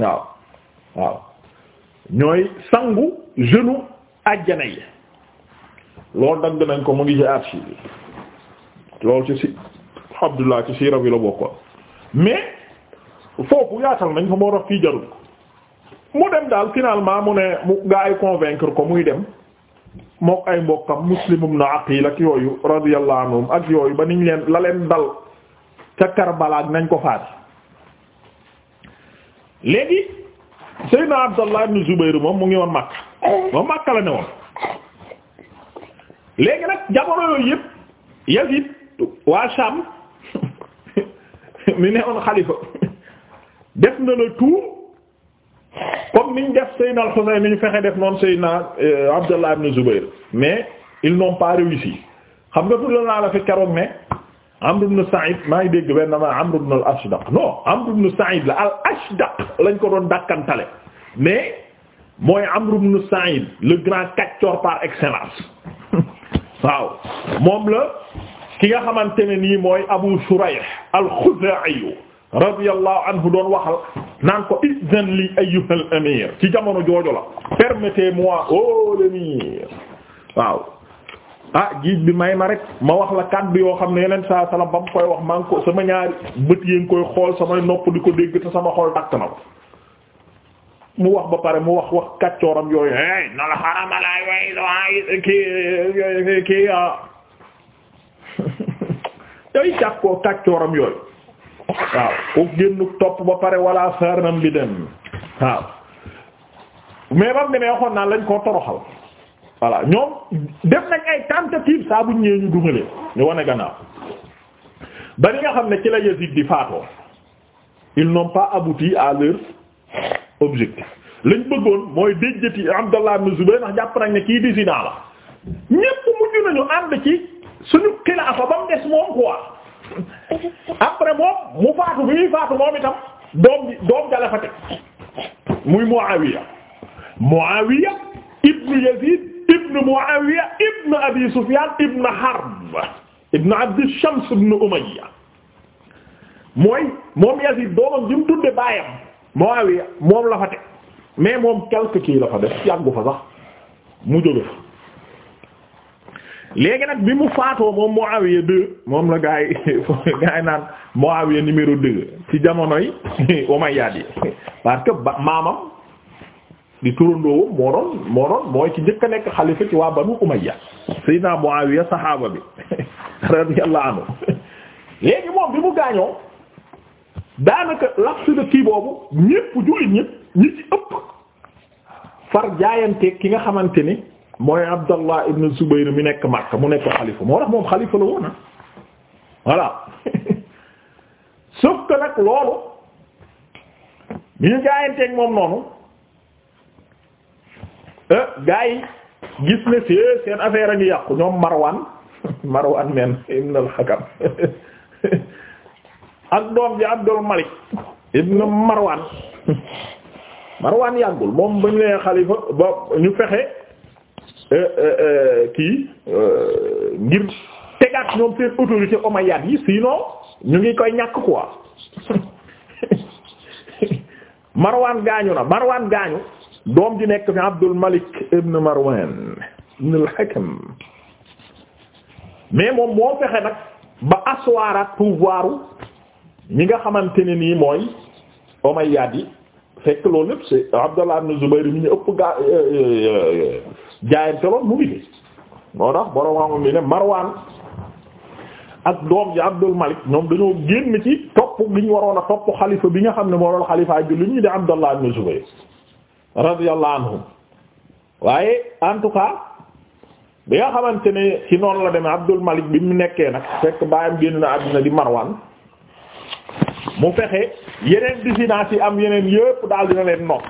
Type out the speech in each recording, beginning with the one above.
waaw waaw ñooy sangu jeune àjjana yi loolu dagg nañ ko mu ngi ci archive bi ci si Abdullah ci siira bi la bokkoon mais foofu yaatal nañ fa moo tax fii jarul mu dem daal finalement mu ne mu gaa ay convaincre ko muy dem mook ay mbokkam Muslim ibn Aqil ak yooyu radiyallahu anhum ak yooyu ba niñ leen la leen dal ca Karbala ak nañ ko faat léegi Seydina Abdallah ibn Zubayr moom mu ngi woon Makka moom Makka la ne woon léegi nag jamono yooyu yëpp Yazid waa Sham mi ne woon xalifa def na le tout comme niñ def Seydina al ni ñu fexe def noonu Seydina euh, Abdallah ibn Zubayr mais ils n'ont pas réussi xam nga tudd naa la fi keroog ne Amr ibn Sa'id maa ngi dégg benn ma Amr ibn al-Ashdaq non Amr ibn Sa'id la al-Ashdaq lañ ko doon dakkantale mais mooy Amr ibn Sa'id le grand cacteur par excellence waaw moom la ki nga xamante ne nii mooy Abu Shurayh al-Khuzaa'i radiyallahu anhu doon waxal naan ko izan li ayyuha al-amir ci jamono joojo la permettez-moi oh l'émir waaw ah jiij bi may ma rek ma wax la kàddu yoo xam ne yeneen saa salaam ba mu koy wax maa ngi sama ñaari bët yi koy xool samay nopp di ko dégg te sama xol dakk na ko mu wax ba pare mu wax wax kàccooram yooyu hey na la xaramalaay ah. yooyu waaw ku génn topp ba pare walla sarnam bi dem waaw mais bam demee waxoon naa lañ koo toroxal voilà ñoom def nañ ay tentatives saa bu ñëwee ñu dugalee ñu wane gannaaw ba li nga xam ne ci la Yazid di faatoo ils n'ont pas abouti à leur objectif lañ bëggoon mooy déjjati Abdallah ibn Zubayr ndax jàpp nañ ne kii dissident la ñépp mujj nañu ànd ci suñu xilaafa ba mu des moom quoi après moom mu faatu bi ñuy faatu moom itam doom bi doom jale muy Muawiya Muawiya ibn Yazid ibn Muawiya ibn Abi Sufyan ibn Harb ibn Abd Shams ibn Umayya mooy moom Yazid doomam ji mu tudde baayam Muawiya moom la fa teg mais moom quelque kii la fa def yàggu fa sax mu jóge fa léegi nag bi mu faatoo moom Muawiya deux moom la gaay gaay naan Muawiya numéro deux ci jamonoy Umayyad yi parce que maamam di turandoowam moo doon moo doon mooy ci njëkk a nekk xalifa ci waa Banu Umayya Seydina Muawiya saxaaba bi radiyallahu anhu léegi moom bi mu gaañoo daanaka laps de kii boobu ñépp jullit ñépp ñi ci ëpp far jaayanteeg ki nga xamante ni mooy Abdallah ibn Zubayr mi nekk Makka mu nekk xalifa moo tax moom xalifa la woon ah voilà sauf nag loolu bi ñu jaayanteeg moom noonu Eh, gaa yi gis ne si seen affaire a ngi yàqu ñoom Marwan Marwan men ibn al-Hakam ak doom ji Abdul Malik ibn Marwan Marwan yàggul moom ba ñu nee xalifa ba ñu fexe eh, eh, kii ngir tegaat ñoom seen autorité omeyyade yi sinon ñu ngi koy ñàkk quoi Marwan gaañu na Marwan gaañu doom ji nekk fi Abdul Malik ibn Marwan ibn al mais moom moo fexe nag ba assoiraat pouvoir mi nga xamante ne nii mooy Omeyyades yi fekk loolu lépp c'est Abdullah ibn Zubayr mi ñu ëpp gaa euh, euh, euh, jaayante lool mu ngi fi moo tax borom xam mi ne Marwan ak doom ji Abdul Malik ñoom dañoo génn ci topp gi ñu waroon a topp xalifa bi nga xam ne moo doon xalifa lu ñi di Abdullah ibn Zubayr radiyallahu anhum waaye en tout cas bi nga xamante ni ci noonu la demee Abdul Malik bi mu nekkee nag fekk baayam génn na àddina di Marwan mu fexe yeneen dissidence yi am yeneen yëpp daal dina leen noot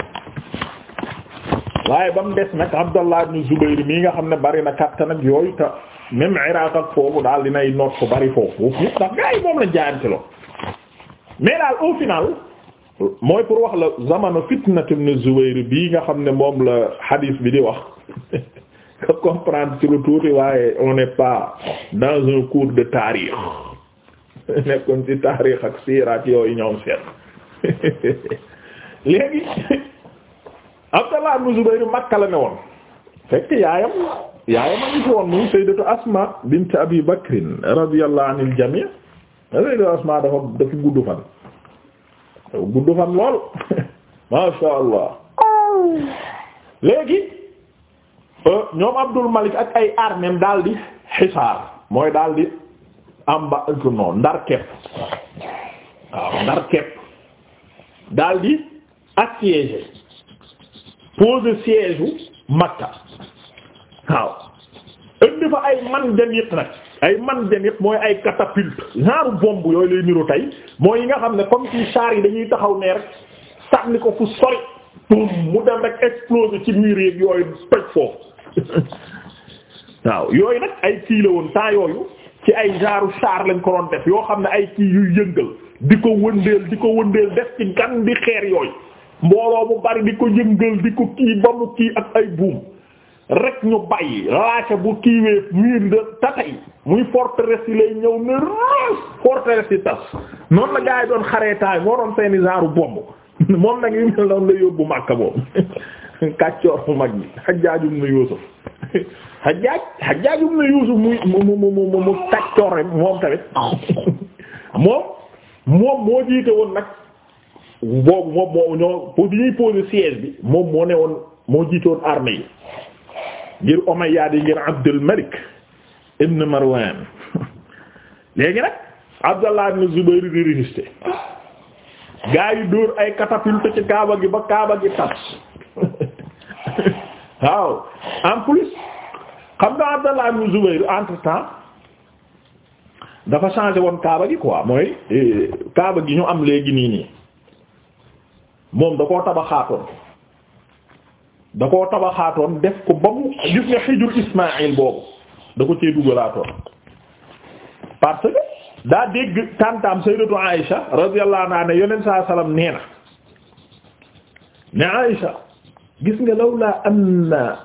waaye ba mu des nag Abdallah ibn Zubayr mii nga xam ne bari na kattan ak yooyu te même Iraq foofu daal dinay noot ko bari foofu ndax gaa yi moom la jaayanteloo mais daal au final. mooy pour wax la zamanu fitnatu ibn Zubayr bii nga xam ne moom la hadith bi di wax nga comprendre ci lu tuuti waaye on n'est pas dans un cours de taarix nekkoon ci taarix ak siiraat yooyu ñoom seen léegi Abdallah ibn Zubayr Makka la ne woon fekk yaayam yaayam a ngi fi woon muy sayyidatu Asma bint Abi Bakrin radiyallahu anil jami' sayyidatu Asma dafa dafa gudd fan gudd fan lool masha allah léegi euh, ñoom Abdul Malik ak ay armeem daal xisaar mooy daldi di amba euh, non ndar kepp waaw ndar kepp daal di pose siège u Makka waaw indi fa ay man dem yëpp nag ay man janit mooy ay catapulte genre bomb yooyu lay niru tey mooy yi nga xam ne comme ci char yi dañuy taxaw ne rek sànni ko fu sori pour mu dem rek exploser ci mur yeeg yooyu toj foofu waaw yooyu nag ay kii la woon temps yooyu ci ay genre char lañ ko doon def yoo xam ne ay kii yu yëngal di ko wëndeel di ko wëndeel def ci gan di xeer yooyu mbooloo bu bari di ko yëngal di ko kii ba mu kii ak ay buum rek ñu bàyyi lâché bu kiiwee miir de tatay muy forteresse yi lay ñëw ne raas forteresse yi tas noonu la gaa yi doon xareetaay moo doon seeni moom nag yu mel noonu la yóbbu Makka boobu kàccoor bu mag bi Hajjaajum na Yuusuf Hajjaaj Hajjaajum mu mu mu mu kàccoor moom tamit moom moom moo jiite woon nag boobu moom moo bi ñuy poser siège bi moom moo ne woon moo jiite woon armée ngir Umayyad yi ngir Abdul Malik ibn Marwan léegi nag Abdallah ibn Zubayr di résisté gaa yi dóor ay catapulte ci Kaaba gi ba Kaaba gi tas waaw en plus xam nga Abdallah ibn Zubayr entre temps dafa changé woon Kaaba gi quoi mooy eh, Kaaba gi ñu am léegi nii nii moom da koo tabaxaatoon da koo tabaxaatoon def ko ba mu gis nga xijur Ismaïl boobu da ko cee dugalaatoon parce que daa dégg tantam sayyidatu Aïsha radiyallahu anha ne yonent saa salaam nee na ne Aïsha gis nga lawla anna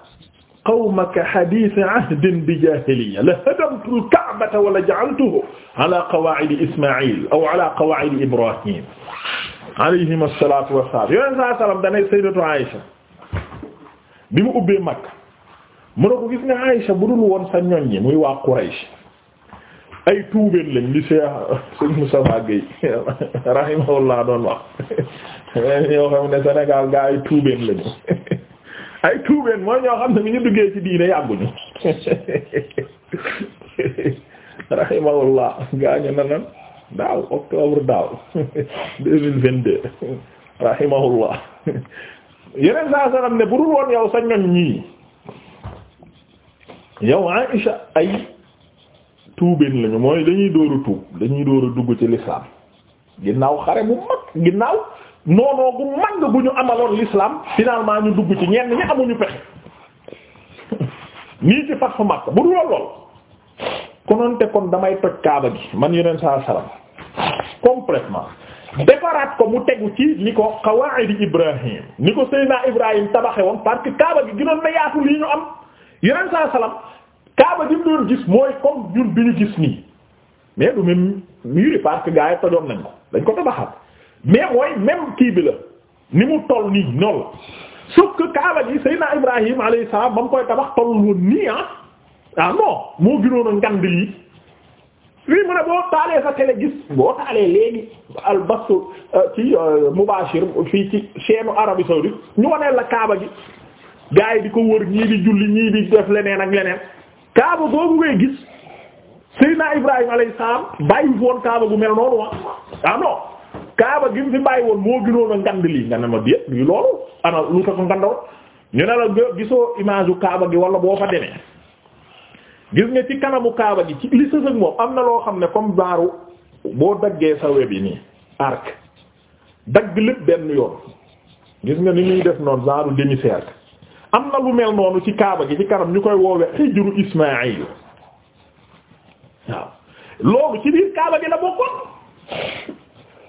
qawmaka hadith ahdin bi jahiliya la hadamtu al-ka'bata wa la ja'altuhu ala qawa'id Ismaïl aw ala qawa'id Ibrahim alayhim as-salatu was-salam yonent saa salaam da ne sayyidatu Aïsha bi mu ubbee Makka mu ne ko gis nga Aysa bu dul woon sa ñoñ ñi muy waa Quraysh ay tuubeen lañ li Cheikh Sëñ Moussa Gueye rahimahullah doon wax ñoo xam ne Sénégal ay tuubeen lañu ay tuubeen mooy ñoo xam ne mi ñu duggee ci diine yàgguñu rahimahullah gaañu na nan daaw octobre daaw deux mille vingt-deux yeneen saa salaam ne bu dul woon yow sa ñoñ ñii yow Aïcha ay tuubeen lañu mooy dañuy dóor tuub dañuy dóor a dugg ci l'islam ginnaaw xare bu mag ginnaaw noonoo gu mag bu ñu amaloon l'islam finalement ñu dugg ci ñenn ñi amuñu pexe nii ci fat bu dul woon lool konoon te kon damay toj kaaba gi man yeneen saa salaam complètement defaraat ko mu tegu ci ni ko qawaa'idi Ibrahim ni ko Seydina Ibrahim tabaxe woon parce que Kaaba gi gënoon na yaatu lii ñu am yeneen saa salaam Kaaba gi mu doon gis mooy comme ñun bi ñu gis nii mais du même mur parce que gars yi tojoon nañ ko dañ ko tabaxaat mais mooy même kii la ni mu toll nii noonu la sauf que Kaaba gi Seydina Ibrahim alayhi salaam ba mu koy tabax tollul woon nii ah ah non moo gënoon a ngand lii lii mu ne boo taalee sa télé gis boo taalee léegi albastu euh, ci euh, mubashir fii ci seenu Arabie saoudite ñu waneel la Kaaba gi gars yi di ko wër ñii di julli ñii di def leneen ak leneen Kaaba googu ngay gis naa Ibrahima alayhi salaam bàyyi woon Kaaba gu mel noonu wa ah, ah Kaaba gi mu fi bàyyi woon moo gënoon a lii nga ne ma déet lii loolu ana lu tax ngandaw ñu ne la gisoo image u Kaaba gi wala boo fa demee. gis nga ci kanamu kaaba gi ci li sësëg moom am na loo xam ne comme baaru boo daggee sa web yi nii arc dagg lépp benn yoon gis nga ni ñuy def noonu baaru demi am na lu mel noonu ci kaaba gi ci kanam ñu koy woowe xijru Ismaayil waaw loolu ci biir kaaba gi la bokkoon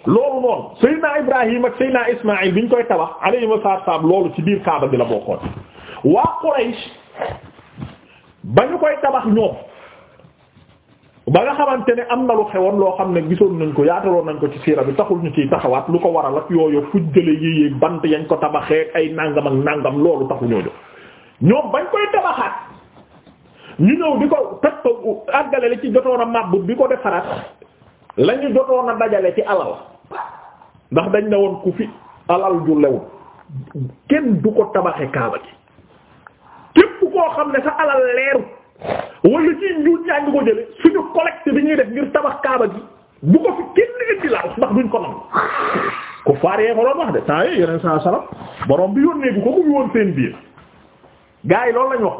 loolu noonu Seydina Ibrahim ak Seydina Ismaayil bi ñu koy tabax alayhi salaam loolu ci biir kaaba gi la bokkoon waa Quraysh ba ñu koy tabax ñoom ba nga xamante ne am na lu xewoon loo xam ne gisoon nañ ko yaataloon nañ ko ci siira bi taxul ñu ciy taxawaat lu ko waral ak yooyu fujjale yi bant yañ ko tabaxee ay nàngam ak nàngam loolu taxu ñoo jox ñoom bañ koy tabaxaat ñu ñëw di ko toj ko àggale li ci jotoona a màbb bi ko defaraat la ñu jotoon a dajale ci alal ndax dañ ne woon ku fi alal ju lew kenn du ko tabaxe kaaba gi koo xam ne sa alal leeru wala ci ñu ñaan ko jële suñu collecte bi ñuy def ngir tabax kaaba gi bu ko fi kenn indi laa ndax duñ ko nangu ku ko doon wax de temps yii saa salaam borom bi yónnee bu ko mu woon seen biir gars yi loolu lañu wax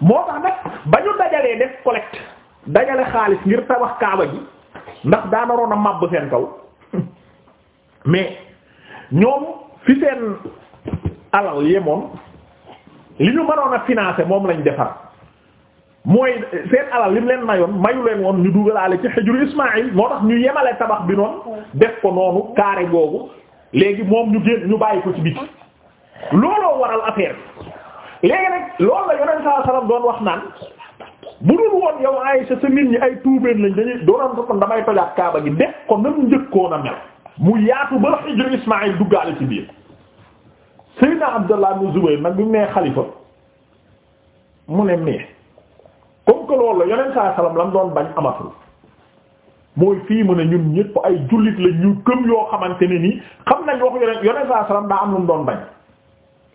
moo tax nag ba ñu dajalee def collecte dajale xaalis ngir tabax kaaba gi ndax daanaroon a màbb seen kaw mais ñoom fi seen alal yemoon li ñu mënoon a financer moom lañ defar mooy seen alal lim leen mayoon mayu leen woon ñu dugalaale ci xijru Ismaïl moo tax ñu yemale tabax bi noonu def ko noonu carré googu léegi moom ñu génn ñu bàyyi ko ci biti looloo waral affaire bi léegi nag loolu la yonent sallallahu alayhi wasallam doon wax naan bu dul woon yow Aysa sa nit ñi ay tuubeen lañ dañuy doonoon ko kon damay tojaat kaaba gi def ko nam njëkkoon a mel mu yaatu ba xijru Ismaïl duggaale ci biir Seydina Abdallah ibn Zubayr nag bi mu nee xalifa mu ne mais comme que loolu la yonent saa salaam la mu doon bañ amatul mooy fii mu ne ñun ñëpp ay jullit la ñu yoo xamante ne ni xam nañ waxu yonent yonent saa daa am lu mu doon bañ.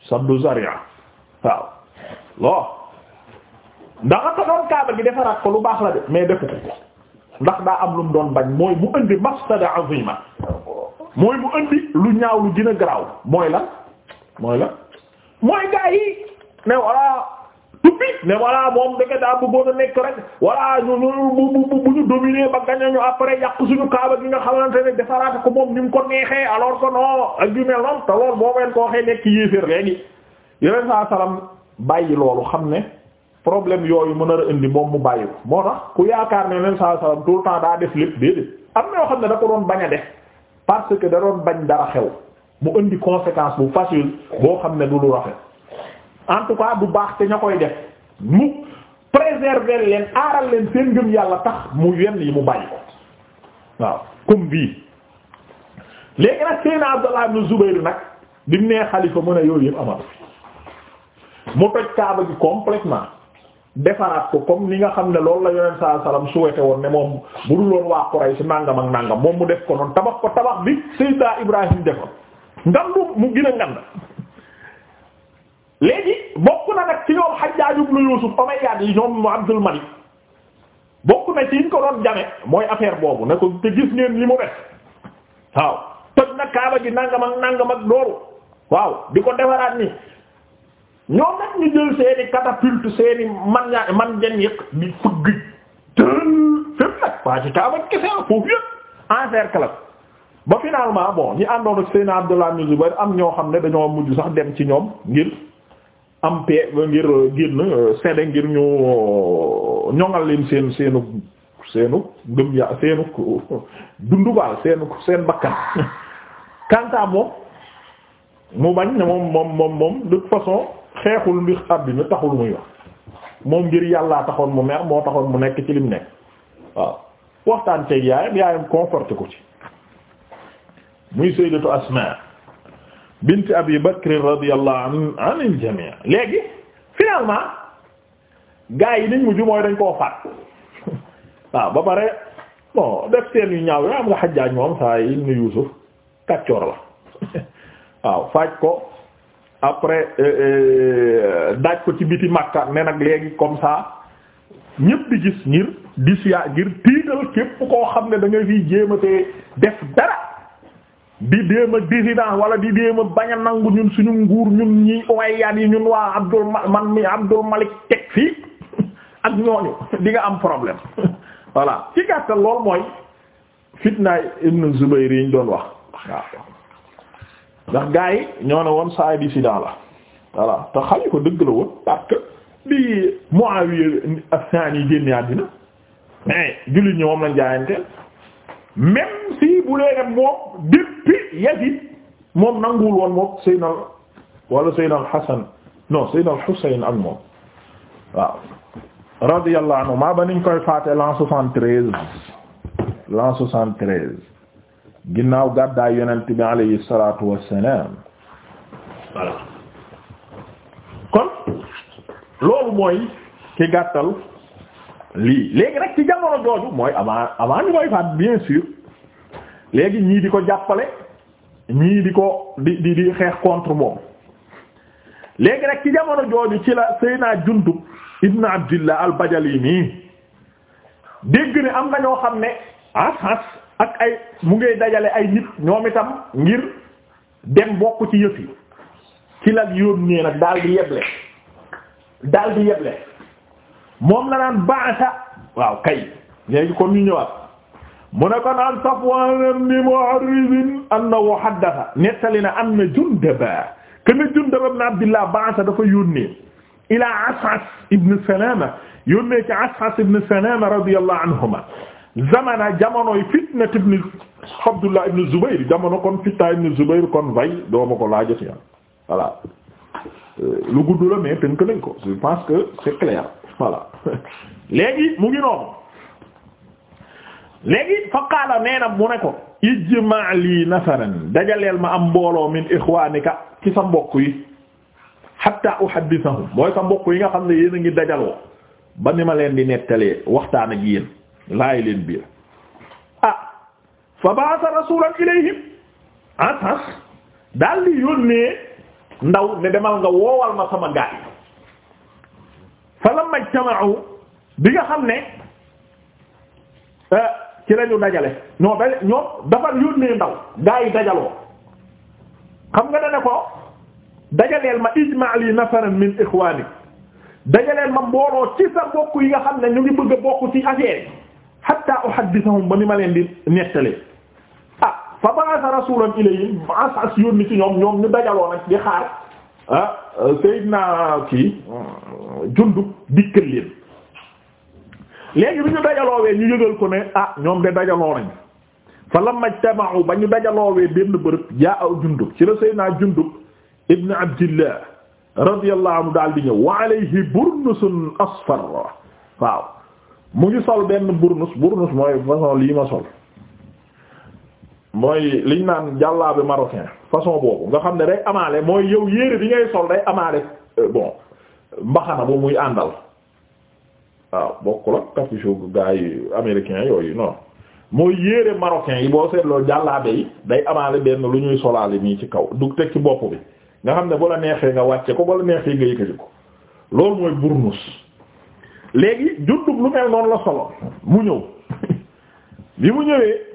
saddu zaria waaw lool ndax nga doon kaaba gi defaraat ko lu baax la de mais defu ko ndax daa am lu mu doon bañ mooy mu indi mafsada azima mooy mu indi lu ñaaw lu gën garaaw mooy la mooy la mooy gaa yi ne voilà tuppi ne voilà moom dëgg daa bëggoon a nekk rek voilà ñu ñu bu bu ñu dominer ba gañe ñu après yàq suñu kaaba gi nga xamante ne defaraat ko moom ni mu ko neexee alors que non ak yu mel noonu te loolu boo leen ko waxee nekk yéeféer léegi yeneen saa salaam bàyyi loolu xam ne problème yooyu mën a indi moom mu bàyyi ko moo tax ku yaakaar ne yeneen saa salaam tout le temps daa def lépp déedéet am na yoo xam ne da ko doon bañ a def parce que da dara xew. mu indi conséquence bu facile boo xam ne du lu rafet en tout cas du baax te ña koy def mu préserver leen aaral leen seen ngëm yàlla tax mu yenn yi mu bàyyi ko waaw comme bii léegi nag Seydina Abdallah ibn Zubayr nag bi mu nee xalifa mën a yooyu yëpp amal mu toj kaaba gi complètement defaraat ko comme ni nga xam ne loolu la yoneen saa salaam souhaité woon ne moom bu dul woon waa Quraysh nangam ak nangam moom mu def ko noonu tabax ko tabax bi Seydina Ibrahim defoon ngandu mu gën a ngand léegi bokk na nag ci ñoom Hajjaaj ibn Yuusuf Umayyad yi ñoom Abdul Malik bokk na ci ñu ko doon jame mooy affaire boobu ne ko te gis ngeen li mu def waaw na kaaba gi nangam ak nangam ak dooru waaw di ko defaraat ni ñoom nag ñu jël seeni catapulte seeni man man jan yëq fëgg tël fépp nag waa ci kaaba kese foofu yëpp en cercle ba finalement bon ñi àndoon ak Seydina Abdullah ibn Zubayr am ñoo xam ne dañoo mujj sax dem ci ñoom ngir am paix ngir génn euh, seede ngir ñu euh, ñoŋal leen seen seenu seenu gëm ya seenu dundubaal seenu seen bakkan kanta moom mu bañ ne moom moom moom de toute façon xeexul mbir àddina taxul muy wax moom ngir yàllaa taxoon mu meex moo taxoon mu nekk ci lim nekk waaw waxtaan ceeg yaayam yaayam conforté ko ci muy sayyidatu Asma bint Abi Bakr radiyallahu anil jamii léegi finalement gars yi niñ mujj mooy dañ koo faat waaw ba pare bon def seen yu ñaaw yoo am nga Hajjaaj moom saa yi ibn Yuusuf kàccoor la waaw faaj ko après euh, euh, daaj ko ci biti Makka ne nag léegi comme ça ñépp di gis ngir dis yaa ngir tiital képp koo xam ne da nga fiy jéem a def dara di déem a dissident wala di déem a bañ a nangu ñun suñu nguur ñun ñi owayyaan yi ñun waa Abdul man mi Abdul Malik teg fii ak ñooñu di am problème voilà ci gàttal lool mooy fitnaay Ibn Zubayr yi doon wax waaw ndax gars yi ñoo ne woon saa dissident la voilà te xam ko dëgg la woon parce que bi Muawiya as-Sani génne àddina mais jullit ñi moom lañ jaayanteel même si bu dee ne moom depuis Yazid moom nanguwul woon moom Seydina wala Seydina al-Hasan non Seydina al-Husayn ak moom waaw radiyallahu anhu maa ba niñ koy faate l'an soixante-treize l'an soixante-treize ginnaaw gàddaay yonent bi alayhi salatu wassalam voilà kon loolu mooy ki gàttal lii léegi rek ci jamono jooju mooy avant avant ñu koy faat bien sûr léegi ñii di ko jàppale ñii di ko di di di xeex contre moom léegi rek ci jamono jooju ci la Seyna Jundub ibn Abdillah al-Bajali nii dégg ne am na ñoo xam ne as ak ay mu ngay dajale ay nit ñoom itam ngir dem bokk ci yëf ci la yónnee nag daal di yeble daldi yeble. moom la naan baasa waaw kay kon ñu ñëwaat mu ne kon an Safwaan ibn Mu'arrid annahu haddatha nettali na am na Jundaba ken Jundaba ibn Abdillah baasa dafa yónnee ila As'as ibn Salama yónnee ci As'as ibn Salama radiyallahu anhuma zamana jamonoy fitnat ibn Abdullah ibn Zubayr jamono kon fitna ibn Zubayr kon vay dooma ko laajati voilà euh, lu gudd la mais tënk nañ ko je c'est clair voilà léegi mu ngi noonu léegi fa qaala nee na mu ne ko ijma lii nafaran dajaleel ma am mbooloo min ixwanika ci sa mbokk yi hatta uhaddithahum mooy sa mbokk yi nga xam ne yéen a ngi dajaloo ba ni ma leen di nettalee waxtaan ak yéen laay leen biir ah fa ba'atha rasulan ilayhim asas ah, ah. daal di yónnee ndaw ne demal nga woowal na sama gaay fa lamma ijtama'u bi nga xam ne euh, ci lañu dajale ñoo daj ñoom dafa yónnee ndaw gaa yi dajaloo xam nga dana ko dajaleel ma ijma' li nafaran min ikhwanik dajaleel ma mbooloo ci sa bokk yi nga xam ne ñu ngi bëgg a bokk ci affaire yi hatta uhaddithahum ba ni ma leen di nettalee ah fa ba'atha rasulan ilayhim as as yónni ci ñoom ñoom ñu dajaloo nag di xaar ah euh, Seydina kii Jundub dikkal leen léegi bi ñu dajaloowee ñu yëgal ko ne ah ñoom de dajaloo nañ fa lamma ijtama'u ba ñu dajaloowee benn bërëb jaa aw Jundub ci la Seydina Jundub ibn Abdillah radiyallahu anhu daal di ñëw wa alayhi burnusun asfar waaw mu ngi sol benn burnus burnus mooy façon lii ma sol mooy liñ naan jàllaabe marocain façon boobu nga xam ne day amaale mooy yow yére bi ngay sol day amaale euh, bon mbaxana bu muy àndal waaw ah, bokkul ak capuchon gu yi américain yooyu non mooy yére marocain yi boo seetloo jàllaabe yi day amaale benn lu ñuy solaale nii ci kaw du teg ci bopp bi nga xam ne bu la neexee nga wàcce ko bu neexee nga yëkkati ko loolu mooy burnus léegi jundub lu mel noonu la solo mu ñëw bi mu ñëwee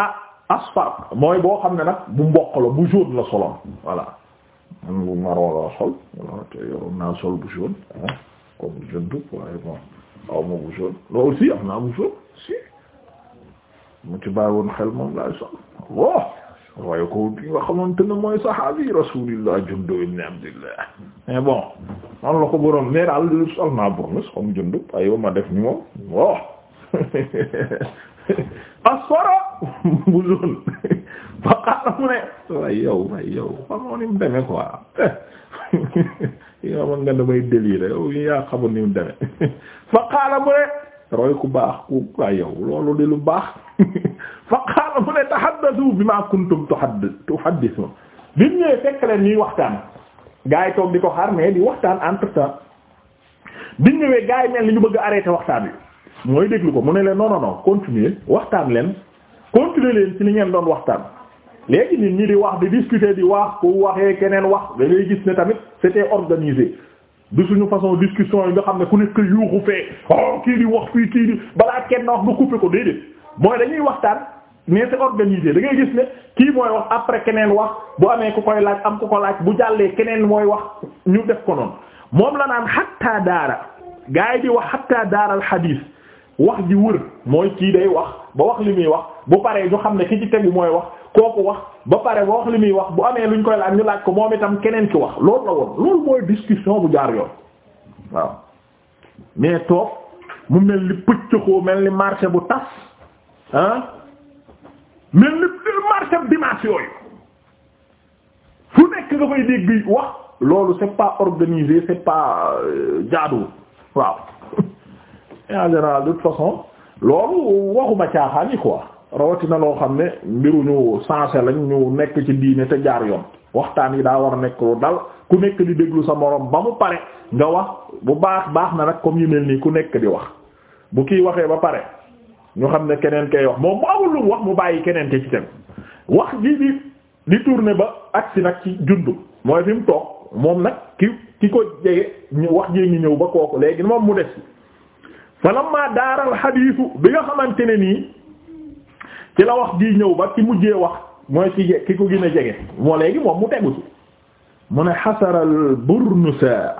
ah asfar mooy boo xam ne nag bu mboq la bu jaune la solon voilà man bu marron la sol voilà te yoroon naa bu jaune ah comme jeune ma bu jaune loolu si am naa bu jaune si mu ci bàyyi woon xel moom laay sol waaw waaye ko ki nga xamante ne mooy sahabi rasulillah Jundub ibn Abdillah mais bon man la ko boroom nee daal sol naa burnes comme Jundub aywa ma def moom waaw asfara bu zone fa xaaral mu ne waaye yow waaye yow xamoo ni mu demee quoi yow man nga damay délire yow yaa xamul ni mu fa xaaral mu ne roy ku baax ku waaye yow loolu di lu baax fa xaaral mu ne tahaddathu bima kuntum tuhaddithun bi mu ñëwee fekk leen ñuy waxtaan gaa yi toog di ko xaar mais di waxtaan entre temps bi yi mel ni ñu bëgg arrêté waxtaan bi. mooy déglu ko mu ne leen non non non continuer waxtaan leen continuer leen ci li ngeen doon waxtaan léegi nit ñi di wax di discuter di wax ku waxee keneen wax da gis ne tamit c'était organisé du suñu façon discussion yi nga xam ne ku nekk yuuxu fee oh kii di wax fii kii di balaa kenn wax nga couper ko déedéet mooy dañuy waxtaan mais c'est organisé da ngay gis ne kii mooy wax après keneen wax bu amee ku koy laaj am ku ko laaj bu jàllee keneen mooy wax ñu def ko noonu moom la naan xattaa daara gaa yi di wax xattaa daaral xadiis wax ji wër mooy kii day wax ba wax li muy wax bu paree ñu xam ne ki ci tegu mooy wax kooku wax ba pare ba wax li muy wax bu amee luñ koy laaj ñu laaj ko moom itam keneen ki wax loolu la woon loolu mooy discussion bu jaar yoon waaw mais toog mu mel ni pëccëxoo mel ni marché bu tas ah mel ni marché bu dimanche yooyu fu nekk nga koy dégg wax loolu c'est pas organisé c'est pas euh, jaadu waaw en général de toute loolu waxuma caaxaan yi quoi rawatina loo xam ne mbiruñu sensé lañ ñu nekk ci diine te jaar yoon waxtaan yi daa war a nekk lu dal ku nekk di déglu sa moroom ba mu pare nga wax bu baax baax na nag comme yu mel nii ku nekk di wax bu kii waxee ba pare ñu xam ne keneen kay wax moom mu amul lu wax mu bàyyi keneen te ci tegu wax ji di di ne ba agsi nag ci jundu mooy fi mu toog moom nag ki ki ko jege ñu wax jee ngi ñëw ba kooku léegi moom mu des. falamma daaral xadiisu bi nga xamante ne nii ci la wax di ñëw ba ci mujjee wax mooy ci ki ko moo léegi mu tegu mu ne xasaral burnusa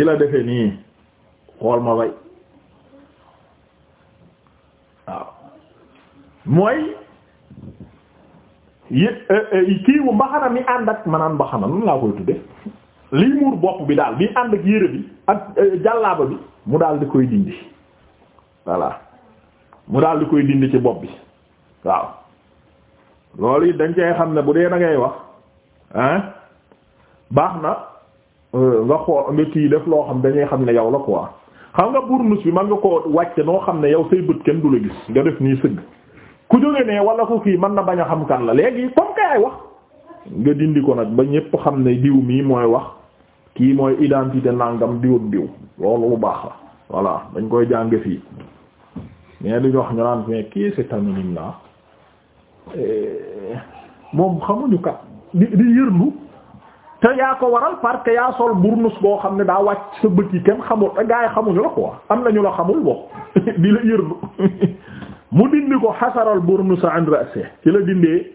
la defe nii xool ma bay eh, eh, mbaxana mi ànd ak maanaam mbaxana lan laa koy tudde lii muur bopp bi daal bi ànd ak yére bi ak eh, jàllaaba bi mu daal di koy dindi voilà mu daal di koy dindi ci bopp bi waaw loolu it dañ cay xam ne bu dee da ngay wax ah baax na euh, nga xool nga kii def loo xam dañuy xam ne yow la quoi xam nga burnus bi man nga ko wàcce noo xam ne yow say bët kenn du la gis nga def nii sëgg ku jóge ne wala ko kii mën na bañ a xam kan la léegi comme kay wax nga dindi ko nag ba ñépp xam ne diw mii mooy wax kii mooy identité nangam diw diw loolu bu baax la voilà dañ koy jàng fii mais duñ wax ñu naan mais kii c'est anonyme là eh, moom xamuñu kat di di yërlu te yaa ko waral parce que yaa sol burnus boo xam ne daa wàcc sa bët yi kenn xamul te gaa yi xamuñu la quoi am na ñu la xamul boo di la yërlu mu dindi ko xasaral burnus an ra'si ci la dindee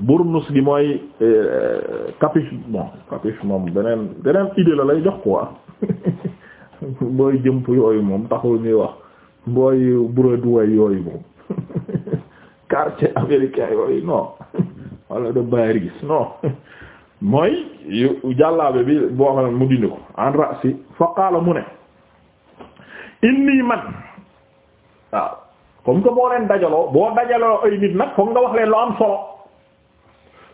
burnus gi mooy eh, capuche bon capuche moom beneen beneen idée la lay jox quoi booy jëmp yooyu moom taxul ñuy wax booy Broadway yooyu moom quartier américain yooyu non wala de Paris non mooy yu jàllaabe bi boo xam ne mu dindi ko en rasi fa mu ne inni man waaw comme que boo leen dajaloo boo dajaloo ay nit nag foog nga wax leen lu am solo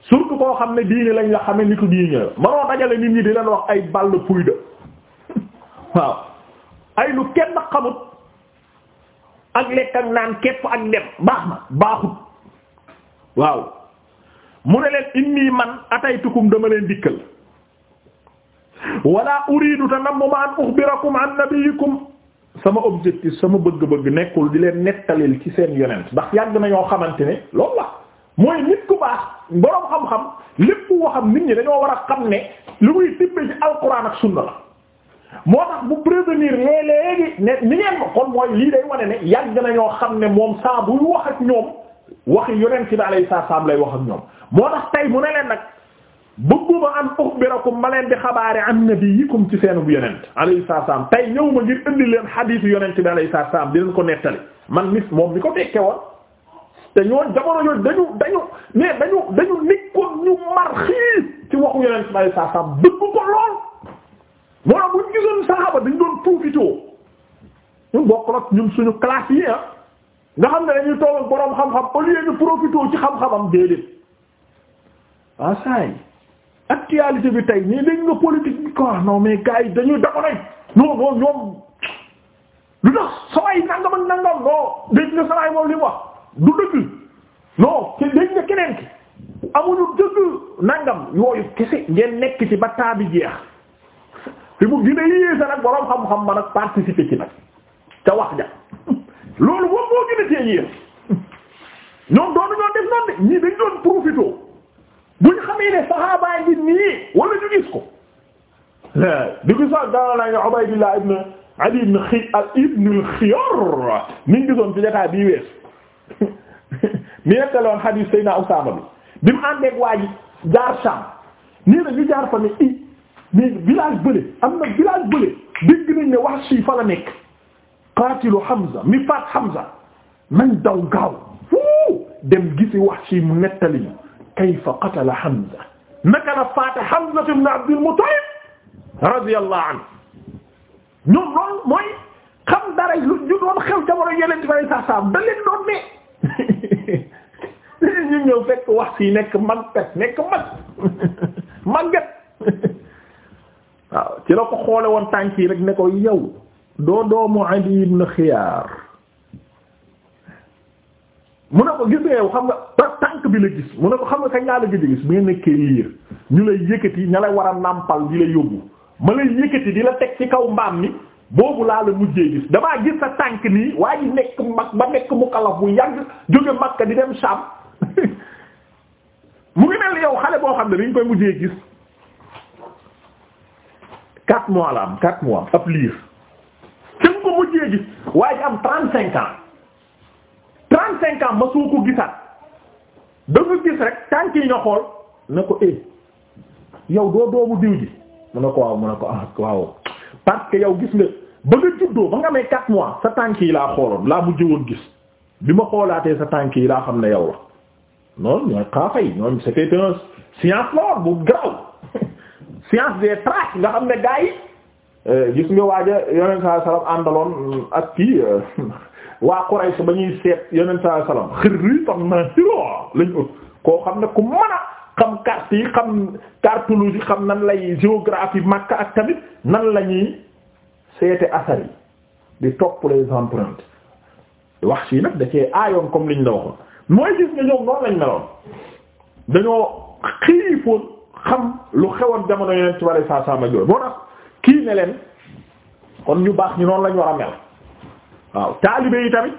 surtout koo xam ne diine lañ la xame nitu diine la manoo dajale nit ñi di leen wax ay ball puy de waaw ay lu kenn xamut ak lekk ak naan képp ak dem baax na baaxut waaw mu ne leen inni man ataytukum dama leen dikkal wala uridu te nam ma an uxbirakum an nabiyikum sama objectif sama bëgg-bëgg nekkul di leen nettalil ci seen yonent ndax yàgg na ñoo xamante ne loolu la mooy nit ku baax boroom xam-xam lépp waxam nit ñi dañoo war a xam ne lu muy tibbee ci alquran ak sunna la moo tax bu prévenir léeg-léegi ne ni ngeen ma kon mooy lii day wane ne yàgg nañoo xam ne moom saa buy wax ak ñoom waxi yonent bi alayhi salaam lay wax ak ñoom moo tax tey mu ne leen nag bëgguma an ukhbirakum ma leen di xabaare an nabiyikum ci seen bu yonent alayhi salaam tey ñëw ma ngir indi leen xadiisu yonent bi alayhi salaam di leen ko nettali man mis moom mi ko tekke woon te ñoon jamono yooyu dañu dañu mais dañu dañu nekkoon ñu mar xiis ci waxu yonent moo tax bu ñu dañu doon profité ñun suñu classe yi ah nga xam ne dañuy toog ak boroom xam-xam au lieu ñu profité ci xam-xamam déedéet waaw ah saa yi actualité bi tey nii dañ nga politique bi quoi non mais gars yi dañuy damonay non non ñoom lu tax sawaay nangam ak nangam non dégg nga sawaay moom li wax du dëgg non te dégg nga keneen ki amuñu dëgg nangam yooyu kese ngeen nekk ci ba taa bi jeex fi mu gën a yéese nag borom xam-xam ma nag participer ci ca wax ja loolu moom moo gën a tee yéese ñoom doonu ñoo def noonu de ñii dañ doon profité bu ñu xamee ne saxaabaa ngi nii wala ñu gis ko. di ko sax daanaka naa ñu Ubaydillah Xi ibn al-Xiyar ngi gisoon ci jotaay bii wees mi nekkaloon hadiis Seydina Usaama bi bi mu àndeeg waa ji jaar Saam nii la ñu jaar fa i. mais village bële am na village bële dégg nañ ne wax si fa la nekk qaatilu Hamza mi faat Hamza man daw gaaw fuu dem gisi wax si mu nettali ñu kayfa qatala Hamza naka la faata Hamza ibn Abdul Muttalib radiyallahu anhu ñoom loolu mooy xam dara lu ñu doon xew jamono yeneen ci fay sax saam da leen doon ne ñu ñëw fekk wax si nekk mag pes nekk mag màgget waaw ci la ko xoole woon tànk yi rek ne ko yow doo doomu Adi ibn Xiyaar mun ne ko gis nga yow xam nga tànk bi la gis mu ne ko xam nga kañ laa la gëj a gis bi nga nekkee liir ñu lay yëkkati ña lay war a nàmpal di la yóbbu ma lay yëkkati di la teg ci kaw mbaam mi boobu laa la mujjee gis damaa gis sa tànk nii waa ji nekk mag ba nekk mu kalaf bu yàgg jóge Makka di dem Saam mu ngi mel yow xale boo xam ne dañ koy mujjee gis. quatre mois la am quatre mois ab liir te ko mujjee gis waaye am trente cinq ma soo ko gisaat dafa gis rek tànk nga xool ne ko eh yow doo doomu diw ji mu ne ko waaw mu ne ko ah waaw parce que yow gis nga ba nga juddoo ba nga amee quatre mois sa tànk yi laa xooloon laa mujjee woon gis bi ma xoolaatee sa tànk yi laa xam ne yow la noonu ñooy xaafa yi ñoom c'était science la bu graw science des traces nga xam ne gars yi euh, gis nga waaja yonent saa salaam àndaloon ak kii euh, waa Quraysh ba ñuy seet yonent saa salaam xëy na naa si lañ ut koo xam ne ku mën a xam carte yi xam cartologie xam nan lay géographie Makka ak tamit nan la ñuy seete asar yi di topp les empreintes wax si nag da cee aayoon comme liñ la waxoon mooy gis nga ñoom noonu lañ meloon dañoo xiifoon. xam lu xewoon jamono yeneen ci wàllu saa saa ma jooy moo kii ne leen kon ñu baax ñu noonu la ñu war waaw taalibe yi tamit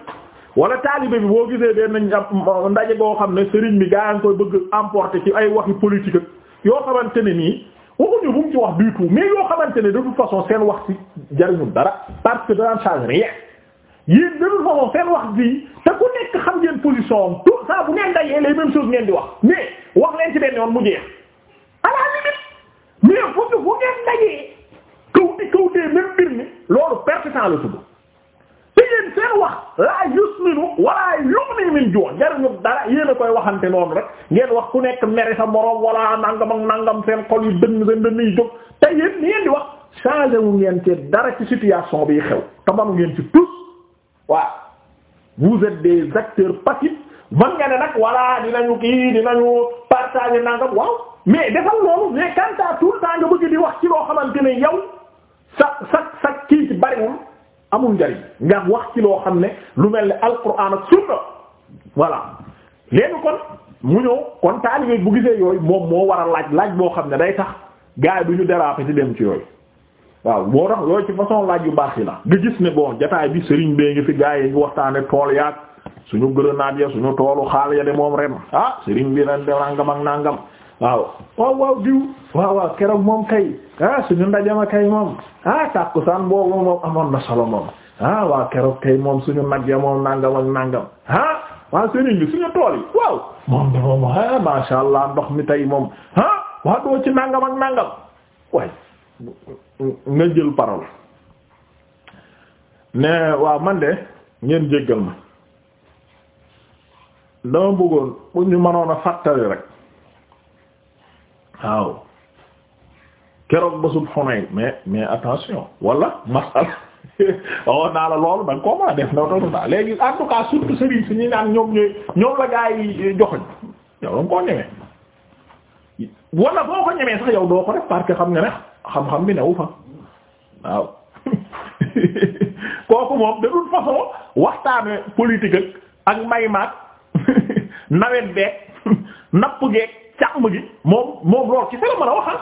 wala taalibe bi boo gisee benn ndaje boo xam ne seriñ bi gaa ngi koy bëgg emporter ci ay waxi politique yoo xamante ne nii waxuñu bu mu ci wax du tout mais yoo xamante ne de toute façon seen wax ci jariñul dara parce que dana change rien yéen de toute façon seen wax ji te ku nekk xam ngeen position am tout ça bu ngeen dajee di wax à la limite mais fu fu ngeen dajee kawti kawtee même mbir mi loolu pertinent la tudd te yéen seen wax laa yusminu wala yughni min ju' jariñu dara yéen a koy waxante noonu rek ngeen wax ku nekk mere sa moroom wala nangam ak nangam seen xol yu dënn seen dënn yu jóg te yéen ni ngeen di wax changé wu ngeen ci dara ci situation bi xew te manu ngeen ci tous waaw vous êtes des acteurs passifs man nga ne nag voilà dinañu kii dinañu partager nangam waaw mais defal loolu mais quant à tout le temps nga bëgg di yow sa sa sa kii ci bariwul amul njariñ nga wax ci loo xam ne lu mel ne alquran ak sunna voilà léegi kon mu ñëw kon taalibe bu gisee yooyu moom moo war a laaj laaj boo xam ne day tax gars yi du ñu déraper ci dem ci yooyu waaw moo tax yooyu ci façon laaj yu baax yi la nga gis ne bon jataay bi sëriñ bee ngi fi gaa yi ngi waxtaane tool yaak suñu grenade ya suñu toolu xaal ya de moom ren ah sëriñ bi ren de nangam ak nangam waaw waaw diw waaw waaw keroog moom kay ah suñu ndajama kay moom ah tàkkusaan boobu moom amoon na solo moom ah waaw keroog kay moom suñu nag moom nangam ak nangam ah waaw sëriñ bi suñu tool yi moom de moom ah masha Allah ndox mi tey moom ah waa doo ci nangam ak nangam waaye nga jël parole ne waaw man de ngeen jéggal ma dama bëggoon bu ñu mënoon a fàttali rek waaw keroog ba sub Hunayn mais mais attention wala masal waxoon naa la loolu da koo mën def ndaw taw taw léegi en tout cas si ñu naan ñoom ñoom la gaa eh, joxoñ yow da koo ñemee wala boo ko ñemee sax yow doo ko def parce xam nga ne xam-xam bi newu fa waaw kooku moom de toute façon waxtaane politique ak may maat. nawet beeg napp geeg càmm gi moom moom loolu ci seen mën a wax ah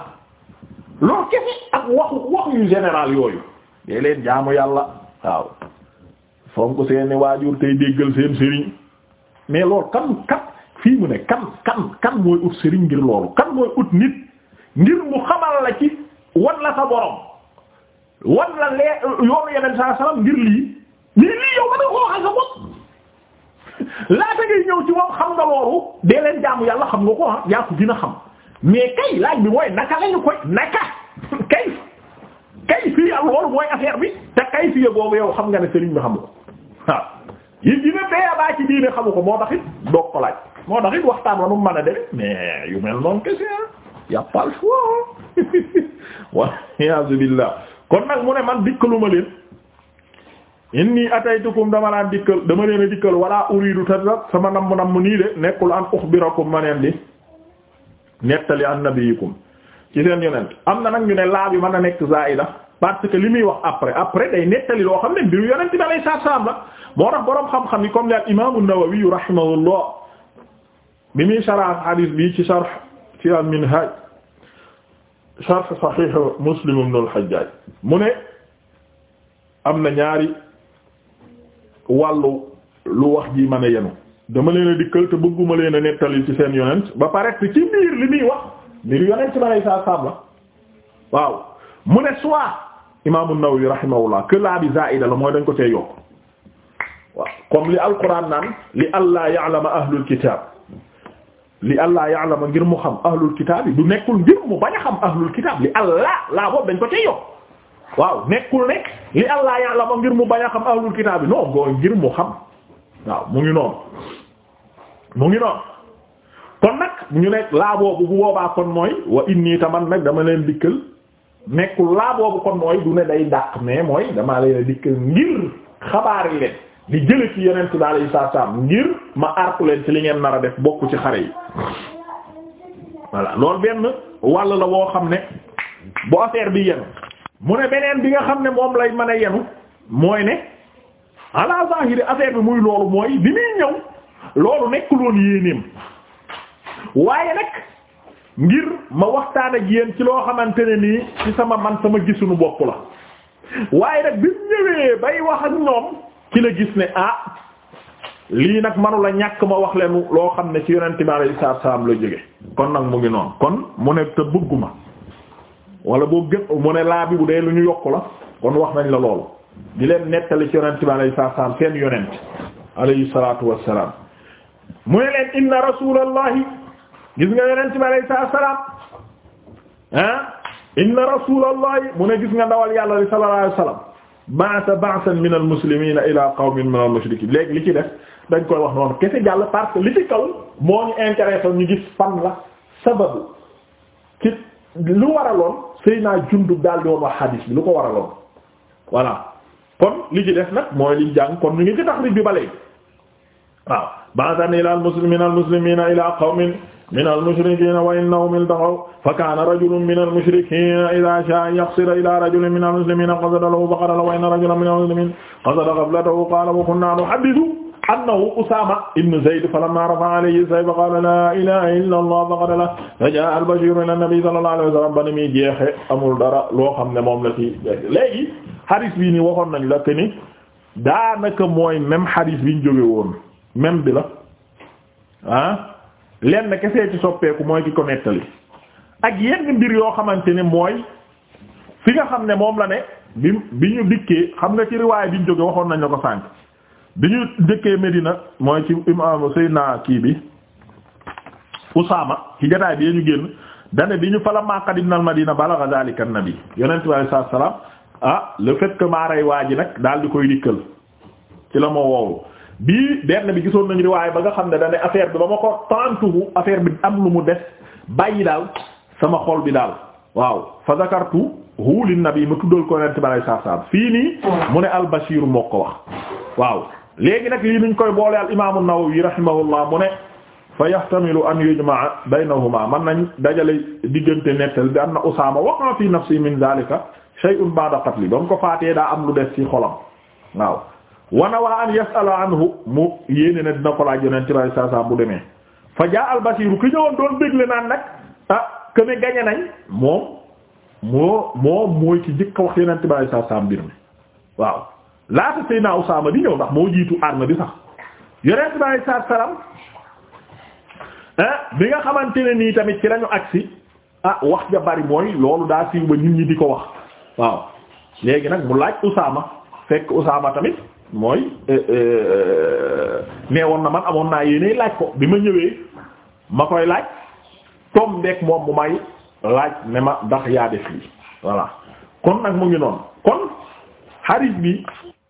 loolu ak waxu waxu général yooyu. dee leen jaamu yàlla waaw fonk seen waajur tey déggal seen sëriñ mais loolu kan kan fii mu ne kan kan kan mooy ut sëriñ ngir loolu kan mooy ut nit ngir mu xamal la ci wan la sa borom wan la lee yoonu yeneen saa salaam ngir lii mais lii yow mën a sa bopp. laata ngay ñëw ci moom xam nga loolu dee leen jaamu yàlla xam nga ko ah yaa xam mais kay laaj bi mooy naka lañu koy naka kay kay fii ak loolu mooy affaire bi te kay fii boobu yow xam nga ne sëriñ bi xamu ko waaw yi dina bee baa ci diine xamu ko moo taxit doog ko laaj moo taxit waxtaan la mu mën a deme mais yu mel noonu kese ah y a walla iyaazu billaah kon nag mu ne man dikk lu ma leen inni ataytukum dama laan dikkal dama leen a dikkal wala uridu tadda sama namm namm nii de nekkul an uxbirakum ma neen di nettali an nabiyikum ci seen yonent am na nag ñu ne laa bi mën a nekk zaida parce que li muy wax après après day nettali loo xam ne mbiru yonent bi alayhi salaam la moo tax boroom xam-xam yi comme li al imaamu Nawawi rahimahullah bi muy sharh hadith bi ci sharh ci al minhaj sharh sahih Muslim ibn al Hajjaj mu ne am na ñaari wàllu lu wax ji ma ne yenu dama leen a dikkal te bëgguma leen a nettali ci seen yonent ba pare ci biir li muy wax mbir yonent ci ma saa saab la waaw mu ne soit imaamu Nawawi rahimahullah que laa bi zaida la mooy dañ ko cee yokk waaw comme li alquran naan li allah ya'lama ahlul kitab li allah ya'lama ngir mu xam ahlul kitab yi du nekkul ngir mu bañ a xam ahlul kitab li allah laa boobu dañ ko cee yokk waaw nekkul nekk li allah ya'lamu ngir mu bañ a xam ahlul kitaab bi non ngoo ngir mu xam waaw mu ngi noonu mu ngi noonu kon nag ñu nekk laa boobu bu boobaa kon mooy wa inni taman nag dama leen dikkal nekkul laa boobu kon mooy du ne day dàq mais mooy dama leen dikkal ngir xabaari leen di jële ci yeneen bi alayhi salaam ngir ma artu leen ci li ngeen nar a def bokk ci xare yi voilà loolu benn wàll la boo xam ne bu affaire bi yenu mu ne beneen bi nga xam ne moom lay mën a yenu mooy ne ala zahiri affaire bi muy loolu mooy bi muy ñëw loolu nekkul woon yéenéem waaye nag ngir ma waxtaan ak yéen ci loo xamante ne nii ci sama man sama gisuñu bopp la waaye nag bi mu ñëwee bay wax ak ñoom ci la gis ne ah lii nag manu manula ñàkk ma wax leenu loo xam ne ci yonent yu alayhi salaam la jóge kon nag mu ngi noonu kon mu ne te bëgguma wala boobu gën mu ne laa bi bu dee lu ñu yokk la kon wax nañ la loolu di leen nettali ci yonent bi alayhi salaam seen yonent alayhi salaatu wassalaam mu ne leen inna rasulallahi gis nga yonent bi alayhi salaam ah inna rasulallahi mu ne gis nga ndawal yàlla li sallallahu alayhi wasallam ba'atha ba'san min al-muslimina ila qawmin min al-mushrikin léegi li ci def dañ koy wax noonu kese jàll parce que li ci kaw moo ñu intéressé ñu gis fan la sababu ci lu waraloon Seydina Jundub daal di woon wax xadiis bi lu ko waraloon voilà kon li ci def nag mooy liñ jàng kon ñu ngi ci taxrij bi ba léegi waaw ba'dan ila al-muslimin al-muslimina ila qawmin min al-mushrikina wa innahum iltaqaw fa kaana rajulun min al-mushrikina idha sha'a yaqsira ila rajulin min al-muslimina qasada lahu baqara wa inna rajulan min al-muslimin qasada ghablatahu qala wa kunna nuhaddithu annahu Usaama ibn Zayd falammaa rafa'a alayhi sayfa qaala laa ilaaha illa Allah faqad la fajaa'a al-bashiiru ila an-nabi sallallahu alayhi wa sallam ba ni muy jeexe amul dara loo xam ne moom la ci léegi xadis bi ni waxoon nañ la que ni daanaka mooy même xadis bi ñu jóge woon même bi la ah lenn kese ci soppeeku mooy ki ko nettali ak yenn mbir yoo xamante ne mooy fi nga xam ne moom la ne bi bi ñu dikkee xam nga ci riwaay bi ñu jóge waxoon nañ la ko sànq. bi ñu dëkkee Medina mooy ci imam Seydina kii bi Usaama ci jotaay bi ñu génn dane bi ñu fala ma qadimna al Madina balagha zalika an-nabi yonent bi alayhi ah le fait maaray waa ji nag daal di koy dikkal ci la ma woowu bii benn bi gisoon nañu riwaay ba nga xam ne dane affaire bi ba ma ko tantu bu affaire bi am lu mu des bàyyi daal sama xol bi daal waaw fa zakartu hu lin nabi ma tuddal ko yonent bi alayhi fii nii mu ne al Bashir moo ko wax waaw léegi nag lii nuñ koy boole al imaamu Nawawi rahimahullah mu ne fa yahtamilu an yujmaa baynahuma man nañ dajale diggante nettal bi anna Usaama waqa fi nafsi min zalika shay'un ba'da qatli ba mu ko faatee daa am lu des ci xolam waaw wana waa an yas'ala mu yéene ne dina ko laaj yoneen ci bay sasa bu demee fa jaa al basiru ki ñëwoon doon dégle naan nag ah kene gañe nañ moom moo moom ci jëkk wax yoneen ci bay sasa mbir mi waaw laata Seydina Usaama di ñëw ndax moo jiitu arme bi sax yonent bi alayhi salaatu salaam ah, bi nga xamante ne nii tamit ci lañu agsi ah wax nga bari mooy loolu daa siiw ba nit ñi di ko wax waaw léegi nag mu laaj Usaama fekk Usaama tamit mooy eh, eh, nee na man amoon naa yéene laaj ko bi ma ñëwee ma koy laaj tom beeg moom mu may laaj ne ma ndax yaa def lii voilà kon nag mu ngi noonu kon xarit bi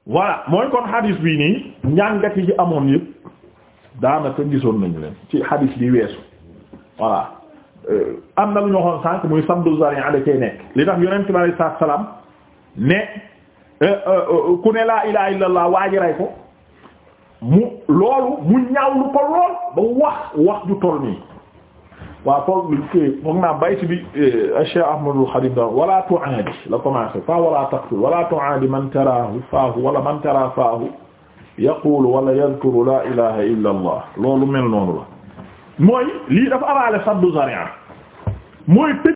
voilà mooy kon hadis bii nii njàngat yi amoon yëpp daanaka gisoon nañu leen ci hadis bi weesu voilà euh, am na lu ñu waxoon sànq muy samdu zari'a da cay nekk li tax yonent bi alayhi salaatu salaam ne euh, euh, ku ne laa ilaaha illallaah waaji ray ko mu loolu mu ñaawlu ko lool ba wax wax ju toll nii waaw foog foog naa bayt bi eh, Cheikh Ahmadul Xadim da wala tu'aadi la commencé fa wala taqtul wala tu'aadi man taraahu faahu wala man taraa faahu yaqulu wala yadhkuru la ilaha illa allah loolu mel noonu la mooy lii dafa abaale saddu zari'a mooy